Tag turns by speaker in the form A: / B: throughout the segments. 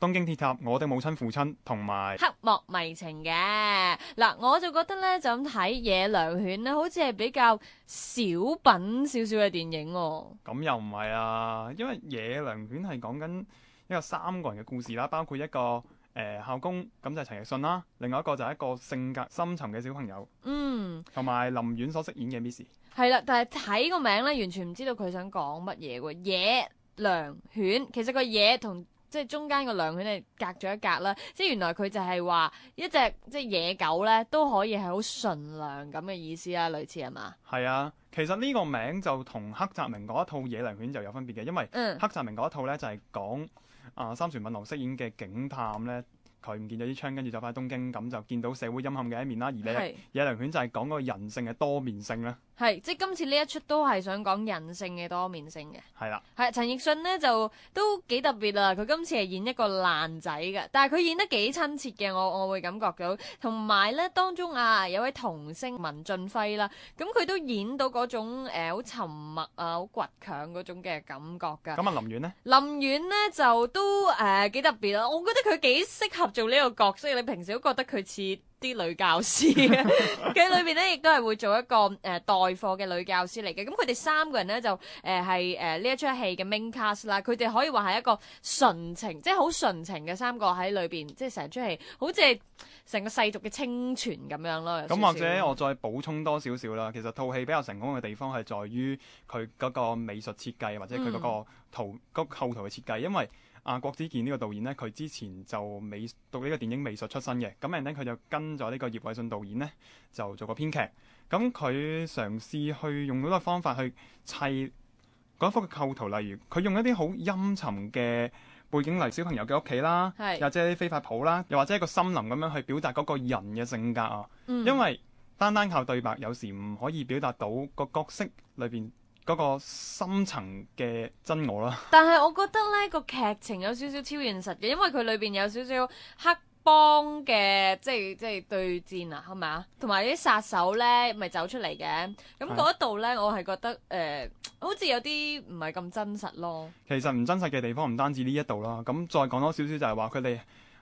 A: 東京鐵塔，我的母親、父親，同埋《黑
B: 幕迷情》嘅嗱，我就覺得咧就咁睇野良犬咧，好似係比較小品少少嘅電影，哦。
A: 咁又唔係啊？因為野良犬係講緊一個三個人嘅故事啦，包括一個誒、呃、校工，咁就係陳奕迅啦，另外一個就係一個性格深沉嘅小朋友，嗯，同埋林苑所飾演嘅 Miss
B: 係啦。但係睇個名咧，完全唔知道佢想講乜嘢嘅野良犬。其實個野同。即係中間個良犬咧，隔咗一隔啦。即係原來佢就係話一隻即係野狗咧，都可以係好純良咁嘅意思啦，類似係嘛？
A: 係啊，其實呢個名就同黑澤明嗰一套野良犬就有分別嘅，因為黑澤明嗰一套咧就係、是、講啊、呃、三船敏郎飾演嘅警探咧，佢唔見咗啲槍，跟住走翻東京，咁就見到社會陰暗嘅一面啦。而你是野野良犬就係講嗰個人性嘅多面性啦。
B: 係，即係今次呢一出都係想講人性嘅多面性嘅。係啦的，係陳奕迅呢就都幾特別啦，佢今次係演一個爛仔嘅，但係佢演得幾親切嘅，我我會感覺到。同埋咧，當中啊有位童星文俊輝啦，咁佢都演到嗰種好、呃、沉默啊、好倔強嗰種嘅感覺嘅。咁啊，林苑呢？林苑呢就都誒幾、呃、特別啊，我覺得佢幾適合做呢個角色，你平時都覺得佢似。啲女教師，佢裏邊咧亦都係會做一個誒、呃、代課嘅女教師嚟嘅。咁佢哋三個人咧就誒係誒呢一出戲嘅 main cast 啦。佢哋可以話係一個純情，即係好純情嘅三個喺裏邊，即係成出戲好似成個世俗嘅清泉咁樣咯。咁或者我
A: 再補充多少少啦。其實套戲比較成功嘅地方係在於佢嗰個美術設計或者佢嗰個圖嗰、嗯、後圖嘅設計，因為。阿、啊、郭子健呢個導演呢，佢之前就美讀呢個電影美術出身嘅，咁然後佢就跟咗呢個葉偉信導演呢，就做過編劇。咁佢嘗試去用到個方法去砌嗰幅嘅構圖，例如佢用一啲好陰沉嘅背景嚟小朋友嘅屋企啦，又是或者啲飛髮舖啦，又或者一個森林咁樣去表達嗰個人嘅性格啊。嗯、因為單單靠對白有時唔可以表達到個角色裏邊。嗰個深層嘅真我啦，
B: 但係我覺得呢個劇情有少少超現實嘅，因為佢裏邊有少少黑幫嘅，即係即係對戰啊，係咪啊？同埋啲殺手呢咪走出嚟嘅，咁嗰一度呢，哎、我係覺得誒、呃，好似有啲唔係咁真實咯。
A: 其實唔真實嘅地方唔單止呢一度啦。咁再講多少少就係話佢哋。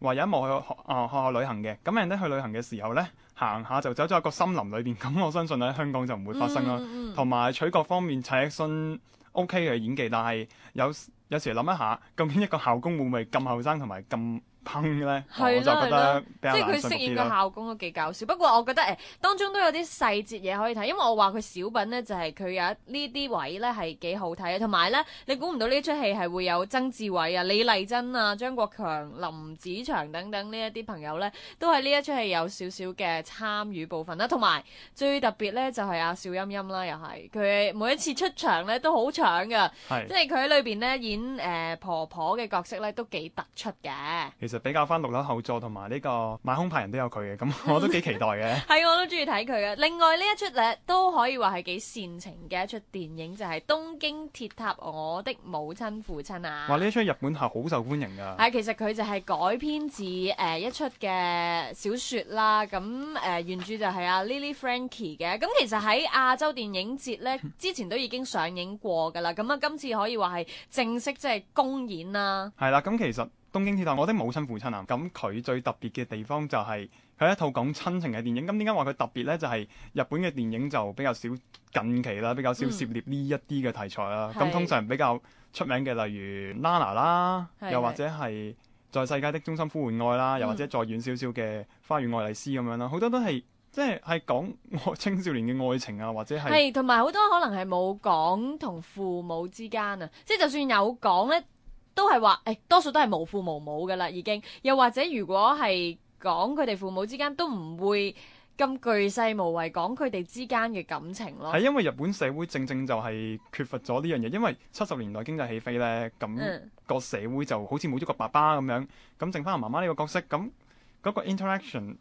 A: 話有一幕去學啊、呃、學校旅行嘅，咁人哋去旅行嘅時候咧行下就走咗一個森林裏邊咁，我相信喺香港就唔會發生啦。同埋、mm hmm. 取角方面，陳奕迅 OK 嘅演技，但係有有時諗一下，究竟一個校工會唔會咁後生同埋咁？哼咧，係咯噗，的即係佢飾演個校
B: 工都幾搞笑。不過我覺得誒、欸，當中都有啲細節嘢可以睇，因為我話佢小品呢，就係、是、佢有呢啲位呢係幾好睇，同埋呢，你估唔到呢出戲係會有曾志偉啊、李麗珍啊、張國強、林子祥等等呢一啲朋友呢，都喺呢一出戲有少少嘅參與部分啦。同埋最特別呢，就係阿邵音音啦，又係佢每一次出場呢都好搶㗎，是即係佢喺裏邊呢演誒、呃、婆婆嘅角色呢都幾突出嘅。其
A: 實。比較返六樓後座同埋呢個買兇拍人都有佢嘅，咁 我都幾期待嘅。
B: 係，我都中意睇佢嘅。另外呢一出咧都可以話係幾煽情嘅一出電影，就係、是《東京鐵塔：我的母親父親》啊。話
A: 呢一出日本係好受歡迎㗎。係
B: 其實佢就係改編自誒、呃、一出嘅小説啦。咁誒、呃、原著就係阿、啊、Lily Franky 嘅。咁其實喺亞洲電影節咧之前都已經上映過㗎啦。咁啊，今次可以話係正式即係、就是、公演啦。
A: 係啦，咁、嗯、其實。《東京鐵塔》我的母親父親啊，咁佢最特別嘅地方就係佢一套講親情嘅電影。咁點解話佢特別呢？就係、是、日本嘅電影就比較少近期啦，比較少涉獵呢一啲嘅題材啦。咁、嗯、通常比較出名嘅，例如《Nana》啦，是又或者係《在世界的中心呼喚愛》啦，又或者再遠少少嘅《花與愛麗絲》咁樣啦，好多都係即係係講青少年嘅愛情啊，或者係係
B: 同埋好多可能係冇講同父母之間啊，即係就算有講咧。都係話，誒、哎、多數都係無父無母嘅啦，已經。又或者如果係講佢哋父母之間都唔會咁巨細無遺講佢哋之間嘅感情咯。係因
A: 為日本社會正正就係缺乏咗呢樣嘢，因為七十年代經濟起飛呢，咁個、嗯、社會就好似冇咗個爸爸咁樣，咁剩翻媽媽呢個角色，咁嗰個 interaction。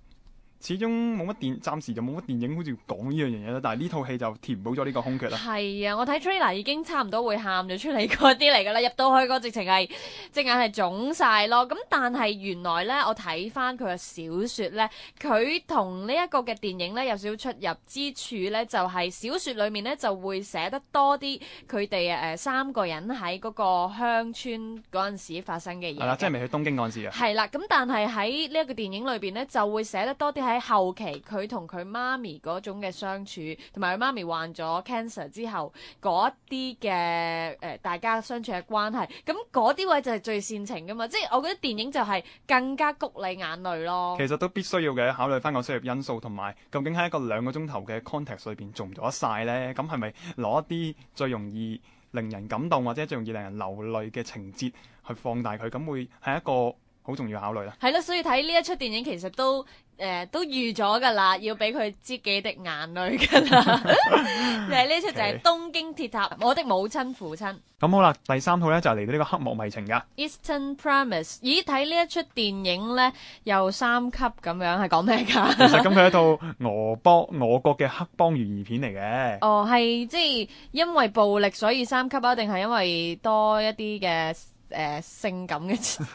A: 始終冇乜電，暫時就冇乜電影，好似講呢樣嘢啦。但係呢套戲就填補咗呢個空缺啦。係
B: 啊，我睇 trailer 已經差唔多會喊咗出嚟嗰啲嚟噶啦，入到去個直情係隻眼係腫晒咯。咁但係原來咧，我睇翻佢嘅小說咧，佢同呢一個嘅電影咧有少少出入之處咧，就係、是、小說裏面咧就會寫得多啲佢哋誒三個人喺嗰個鄉村嗰陣時發生嘅嘢。係啦、啊，即係未去
A: 東京嗰陣時啊。係
B: 啦，咁但係喺呢一個電影裏邊咧，就會寫得多啲。喺後期，佢同佢媽咪嗰種嘅相處，同埋佢媽咪患咗 cancer 之後嗰一啲嘅誒，大家相處嘅關係，咁嗰啲位就係最煽情㗎嘛。即係我覺得電影就係更加谷你眼淚咯。其
A: 實都必須要嘅，考慮翻個商業因素，同埋究竟喺一個兩個鐘頭嘅 context 裏邊，做唔做得晒呢？咁係咪攞一啲最容易令人感動或者最容易令人流淚嘅情節去放大佢？咁會係一個好重要考慮啦。
B: 係咯，所以睇呢一出電影其實都。誒、呃，都預咗噶啦，要俾佢擠幾滴眼淚噶啦。 就係呢出就係《東京鐵塔》，Okay. 我的母親父親。
A: 咁好啦，第三套咧就嚟到呢個黑幕迷情噶
B: 《Eastern Promise》。咦，睇呢一出電影咧又三級咁樣，係講咩噶？ 其實咁
A: 係一套俄邦、俄國嘅黑幫懸疑片嚟嘅。
B: 哦，係即係因為暴力所以三級啊？定係因為多一啲嘅？誒、呃，性感嘅情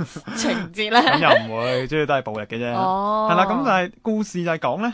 B: 節咧，咁 又唔
A: 會， 主要都係暴力嘅啫。哦，係啦，咁但係故事就係講咧，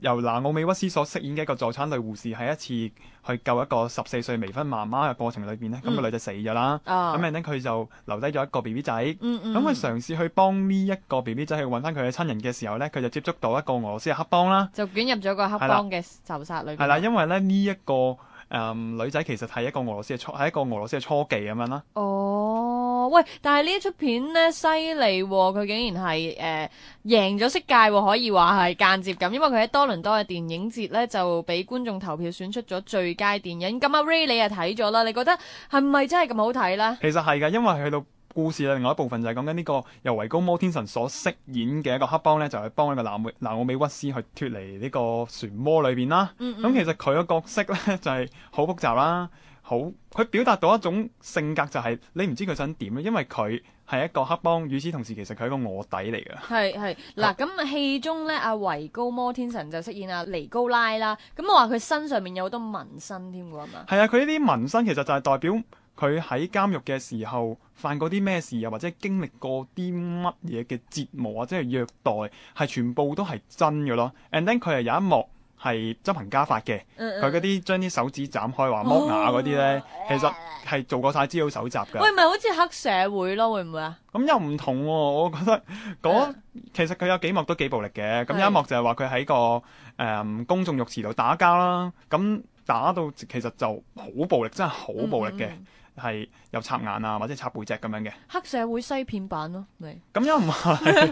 A: 由南奧美屈斯所飾演嘅一個助產女護士喺一次去救一個十四歲未婚媽媽嘅過程裏邊咧，咁、嗯、個女仔死咗啦。啊、哦，咁然咧佢就留低咗一個 B B 仔。嗯，咁佢嘗試去幫呢一個 B B 仔去搵翻佢嘅親人嘅時候咧，佢就接觸到一個俄羅斯嘅黑幫啦。
B: 就捲入咗個黑幫嘅仇殺裏邊。係啦，
A: 因為咧呢一、這個誒、嗯、女仔其實係一個俄羅斯嘅初，係一個俄羅斯嘅初妓咁樣啦。
B: 哦。喂，但係呢一出片咧犀利喎，佢、哦、竟然係誒、呃、贏咗色戒、哦，可以話係間接咁，因為佢喺多倫多嘅電影節咧就俾觀眾投票選出咗最佳電影。咁阿 Ray 你又睇咗啦，你覺得係咪真係咁好睇咧？
A: 其實係噶，因為去到故事嘅另外一部分就係講緊呢個由維高摩天神所飾演嘅一個黑幫咧，就係幫一個娜奧娜奧美屈斯去脱離呢個漩渦裏邊啦。咁其實佢個角色咧就係好複雜啦。好，佢表達到一種性格就係你唔知佢想點咧，因為佢係一個黑幫，與此同時其實佢係一個臥底嚟嘅。
B: 係係，嗱咁好戲中咧，阿維高摩天神就飾演阿尼高拉啦。咁我話佢身上面有好多紋身添嘅係嘛？係
A: 啊，佢呢啲紋身其實就係代表佢喺監獄嘅時候犯過啲咩事，又或者經歷過啲乜嘢嘅折磨或者係虐待，係全部都係真嘅咯。And then 佢係有一幕。係執行家法嘅，佢嗰啲將啲手指斬開、話剝牙嗰啲咧，其實係做過晒資料搜集嘅。喂，
B: 咪好似黑社會咯，會唔會啊？
A: 咁又唔同喎，我覺得嗰、嗯、其實佢有幾幕都幾暴力嘅。咁有一幕就係話佢喺個誒、嗯、公眾浴池度打交啦，咁打到其實就好暴力，真係好暴力嘅。嗯嗯係又插眼啊，或者插背脊咁樣嘅
B: 黑社會西片版咯，嚟
A: 咁又唔係喂，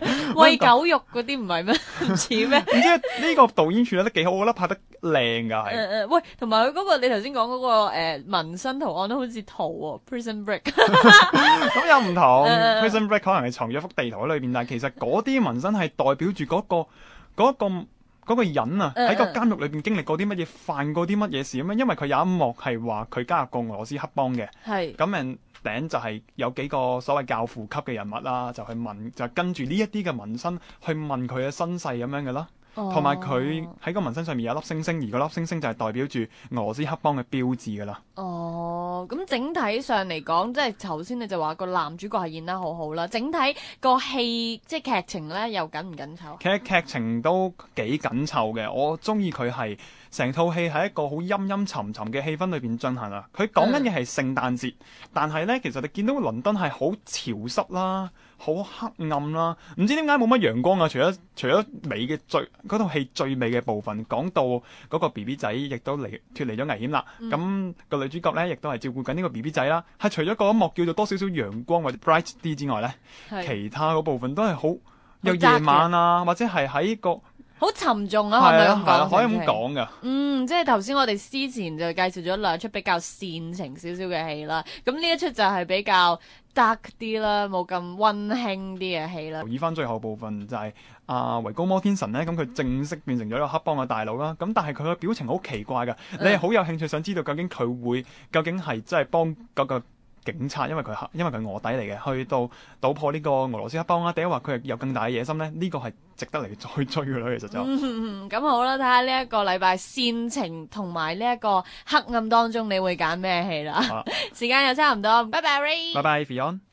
B: 喂，喂狗肉嗰啲唔係咩？
A: 唔似咩？唔知呢呢個導演處理得幾好，我覺得拍得靚㗎係。誒誒、呃
B: 呃，喂，同埋佢嗰個你頭先講嗰個誒、呃、紋身圖案都好似圖喎、哦、Prison Break、 嗯。咁
A: 又唔同，Prison Break 可能係藏咗幅地圖喺裏邊，呃、但係其實嗰啲紋身係代表住嗰個嗰個。嗰個人啊，喺、嗯、個監獄裏邊經歷過啲乜嘢，犯過啲乜嘢事咁樣，因為佢有一幕係話佢加入過俄羅斯黑幫嘅，咁人是頂就係有幾個所謂教父級嘅人物啦，就去問，就跟住呢一啲嘅紋身去問佢嘅身世咁樣嘅啦。同埋佢喺個紋身上面有一粒星星，而個粒星星就係代表住俄斯黑幫嘅標誌噶啦。
B: 哦，咁整體上嚟講，即係頭先你就話個男主角係演得好好啦。整體個戲即係劇情呢又緊唔緊湊？
A: 其實劇，劇情都幾緊湊嘅，我中意佢係成套戲喺一個好陰陰沉沉嘅氣氛裏邊進行啊。佢講緊嘅係聖誕節，嗯、但係呢，其實你見到倫敦係好潮濕啦。好黑暗啦、啊，唔知點解冇乜陽光啊！除咗除咗美嘅最嗰套戲最美嘅部分，講到嗰個 B B 仔亦都離脱離咗危險啦。咁、嗯、個女主角咧亦都係照顧緊呢個 B B 仔啦。係除咗嗰一幕叫做多少少陽光或者 bright 啲之外咧，是其他嗰部分都係好
B: 有夜晚
A: 啊，或者係喺個。
B: 好沉重啊，係咪咁講？可以咁講噶嗯，即係頭先我哋之前就介紹咗兩出比較煽情少少嘅戲啦。咁呢一出就係比較 dark 啲啦，冇咁溫馨啲嘅戲啦。
A: 回翻最後部分就係阿維高摩天神咧，咁佢正式變成咗一個黑幫嘅大佬啦。咁但係佢嘅表情好奇怪噶，你係好有興趣想知道究竟佢會究竟係真係幫個？警察，因為佢黑，因為佢臥底嚟嘅，去到倒破呢個俄羅斯黑幫啊！定抑或佢係有更大嘅野心咧？呢、呢個係值得嚟再追嘅咯，其實就咁、嗯
B: 嗯嗯、好啦！睇下呢一個禮拜煽情同埋呢一個黑暗當中，你會揀咩戲啦？啊、時間又差唔多，拜拜 Ray，
A: 拜拜 Fion。Bye bye,